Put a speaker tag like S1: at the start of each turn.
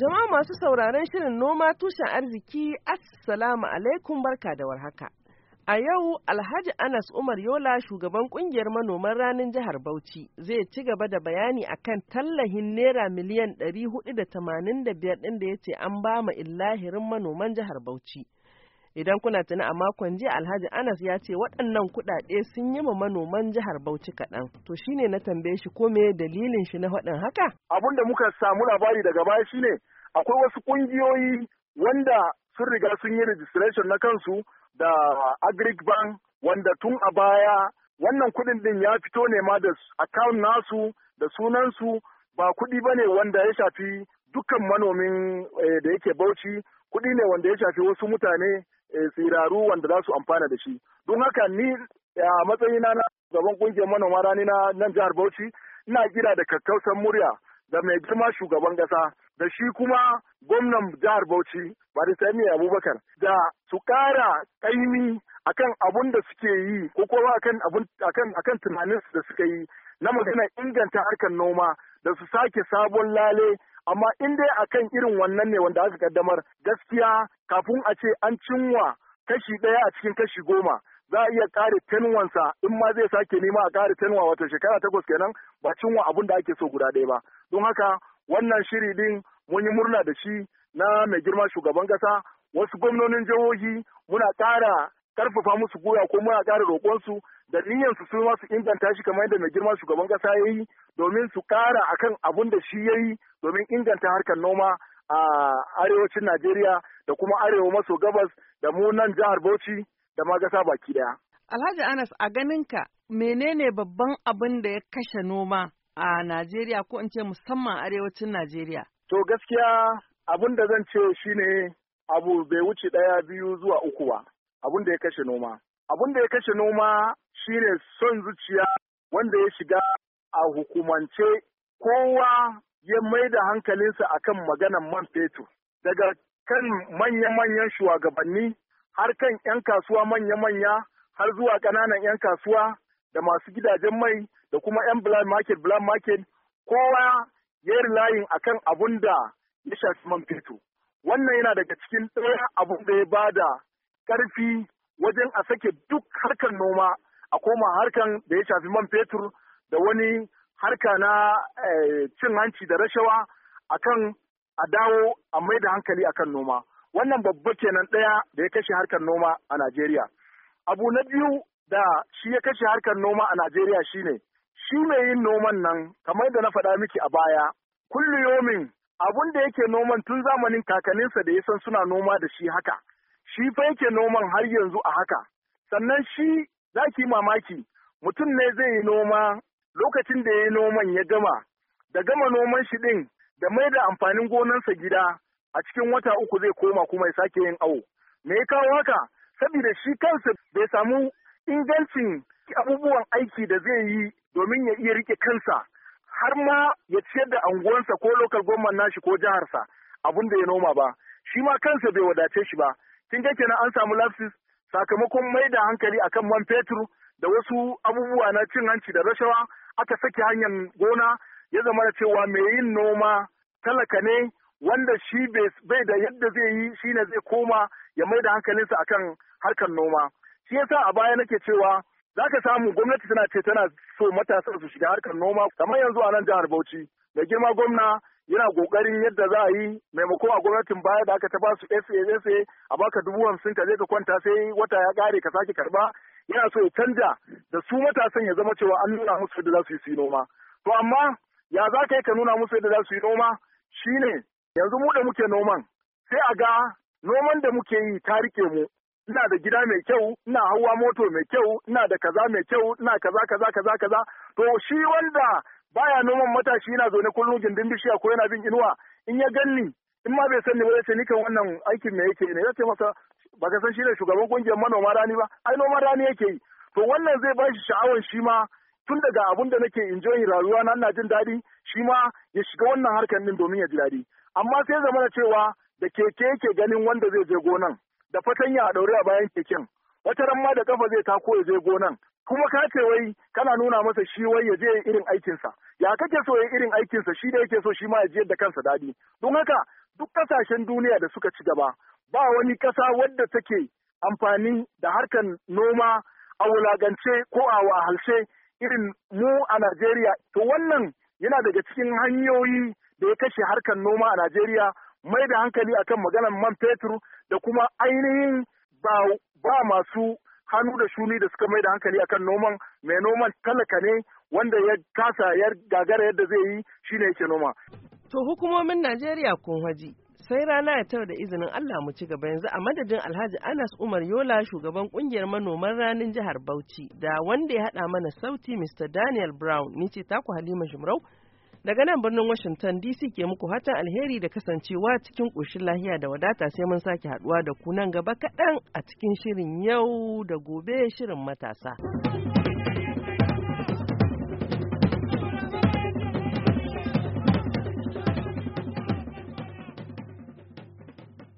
S1: Jama'a masu sauraron shirin noma tushen arziki Assalamu alaikum barka da warhaka. A yau Alhaji Anas Umar Yola shugaban kungiyar manoman ranar jihar Bauchi zai ci gaba da bayani akan tallahin naira miliyan 485 ɗin da ya ce an ba ma illahirin manoman jihar Bauchi. Idan kuna tuni a makon jiya Alhaji Anas ya ce waɗannan kuɗaɗe sun yi ma manoman jihar Bauchi kaɗan. To shine na tambaye shi ko me dalilin shi na faɗin haka?
S2: Abun da muka samu labari daga baya shine akwai wasu ƙungiyoyi wanda sun riga sun yi registration na kansu da Agric Bank wanda tun a baya wannan kuɗin din ya fito ne ma da account nasu da sunansu ba kuɗi ba wanda ya shafi dukkan manomin eh, da yake bauchi kuɗi ne wanda ya shafi wasu mutane Eh, tsiraru wanda za su amfana da shi don haka ni a matsayina na gaban kungiyar manoma rani na nan jihar Bauchi ina kira da kakkausan murya da mai girma shugaban ƙasa. da shi kuma gwamnan jihar Bauchi Barisani Abubakar da su kara kaimi akan abun da suke yi ko kuma akan abun akan akan tunanin da suka yi na magana inganta harkar noma da su sake sabon lale amma in dai akan irin wannan ne wanda aka kaddamar gaskiya kafin a ce an cinwa kashi ɗaya a cikin kashi goma za a iya kare tenwansa in ma zai sake nema a kare tenwa wato shekara takwas kenan ba cinwa abun da ake so guda ɗaya ba don haka wannan shiri din mun yi murna da shi na mai girma shugaban ƙasa wasu gwamnonin jihohi muna ƙara ƙarfafa musu goya ko muna ƙara roƙonsu da niyyar su su su inganta shi kamar yadda mai girma shugaban kasa ya yi domin su kara akan abun da shi ya yi domin inganta harkar noma a arewacin Najeriya da kuma arewa maso gabas da mu nan jihar Bauchi da ma gasa baki daya.
S1: Alhaji Anas a ganin ka menene babban abin da ya kashe noma a Najeriya ko in ce musamman arewacin Najeriya?
S2: To gaskiya abin da zan ce shine abu bai wuce daya biyu zuwa uku ba abin da ya kashe noma. Abin da ya kashe noma shine son zuciya wanda ya shiga a hukumance kowa ya mai da hankalinsa akan maganan man fetur daga kan manya-manyan shugabanni har kan 'yan kasuwa manya-manya har zuwa ƙananan 'yan kasuwa da masu gidajen mai da kuma 'yan black market black market kowa ya yi layin akan abun da ya shafi man fetur wannan yana daga cikin ɗaya abun da ya ba da ƙarfi wajen a sake duk harkar noma a koma harkan da ya shafi man fetur da wani harka na eh, cin hanci da rashawa a kan a dawo a mai da hankali akan noma wannan babba kenan ɗaya da ya kashe harkar noma a Najeriya abu na biyu da shi ya kashe harkar noma a Najeriya shine shi mai yin noman nan kamar da na faɗa miki a baya kullu yomin abun da yake noman tun zamanin kakanninsa da ya san suna noma da shi haka shi fa yake noman har yanzu a haka sannan shi za ki yi mamaki mutum ne zai yi noma lokacin da ya yi noman ya gama da gama noman shi ɗin da mai da amfanin gonansa gida a cikin wata uku zai koma kuma ya sake yin awo me ya kawo haka saboda shi kansa bai samu ingancin abubuwan aiki da zai yi domin ya iya rike kansa har ma ya ciyar da anguwansa ko lokal gwamnan nashi ko jiharsa abun da ya noma ba shi ma kansa bai wadace shi ba kin ga kenan an samu lafsis sakamakon mai da hankali akan man fetur da wasu abubuwa na cin hanci da rashawa aka sake hanyar gona ya zama da cewa mai yin noma talaka ne wanda shi bai da yadda zai yi shine zai koma ya mai da hankalinsa akan harkar noma shi yasa a baya nake cewa za ka samu gwamnati tana ce tana so matasa su shiga harkar noma kamar yanzu a nan jihar Bauchi da girma gwamna yana kokarin yadda za a yi maimako a gwamnatin baya da aka ta ba su SASA a baka dubu hamsin ka je ka kwanta sai wata ya kare ka sake karba yana so ya canja da su matasan ya zama cewa an nuna musu yadda za su yi noma to amma ya za ka yi ka nuna musu yadda za su yi noma shine yanzu mu da muke noman sai a ga noman da muke yi ta rike mu ina da gida mai kyau ina hawa moto mai kyau ina da kaza mai kyau ina kaza kaza kaza kaza to shi wanda baya noman matashi yana zaune kullum gindin bishiya ko yana bin inuwa in ya ganni in ma bai sani ba zai ce ni kan wannan aikin me yake ne ce masa ba ka san shi ne shugaban kungiyar manoma rani ba ai noman rani yake yi to wannan zai bashi sha'awar shi ma tun daga abun da nake enjoy rayuwa na ina jin daɗi shi ma ya shiga wannan harkar din domin ya ji daɗi amma sai zamana cewa da keke yake ganin wanda zai je gonan da fatanya a ɗaure a bayan keken wata ran ma da kafa zai tako ya je gonan kuma ka ce wai kana nuna masa shi wai ya je irin aikinsa ya kake so ya irin aikinsa shi da yake so shi ma ya je da kansa daɗi don haka duk kasashen duniya da suka ci gaba ba wani ƙasa wadda take amfani da harkan noma a wulagance ko a wahalce irin mu a Najeriya to wannan yana daga cikin hanyoyi da ya kashe harkan noma a Najeriya mai da hankali akan maganar man fetur da kuma ainihin ba, ba masu hannu da shuni da suka mai da hankali akan noman mai noman talaka ne wanda ya kasa ya gagara yadda zai yi shine yake noma
S1: to hukumomin Najeriya kun haji sai rana ya tara da izinin Allah mu ci gaba yanzu a madadin Alhaji Anas Umar Yola shugaban kungiyar manoman ranin jihar Bauchi da wanda ya hada mana sauti Mr Daniel Brown ni ce taku Halima Jumrau Daga nan birnin Washington DC ke muku hatan alheri da kasancewa cikin ƙoshin lahiya da wadata sai mun sake haduwa da ku nan gaba kaɗan a cikin shirin yau da gobe shirin matasa.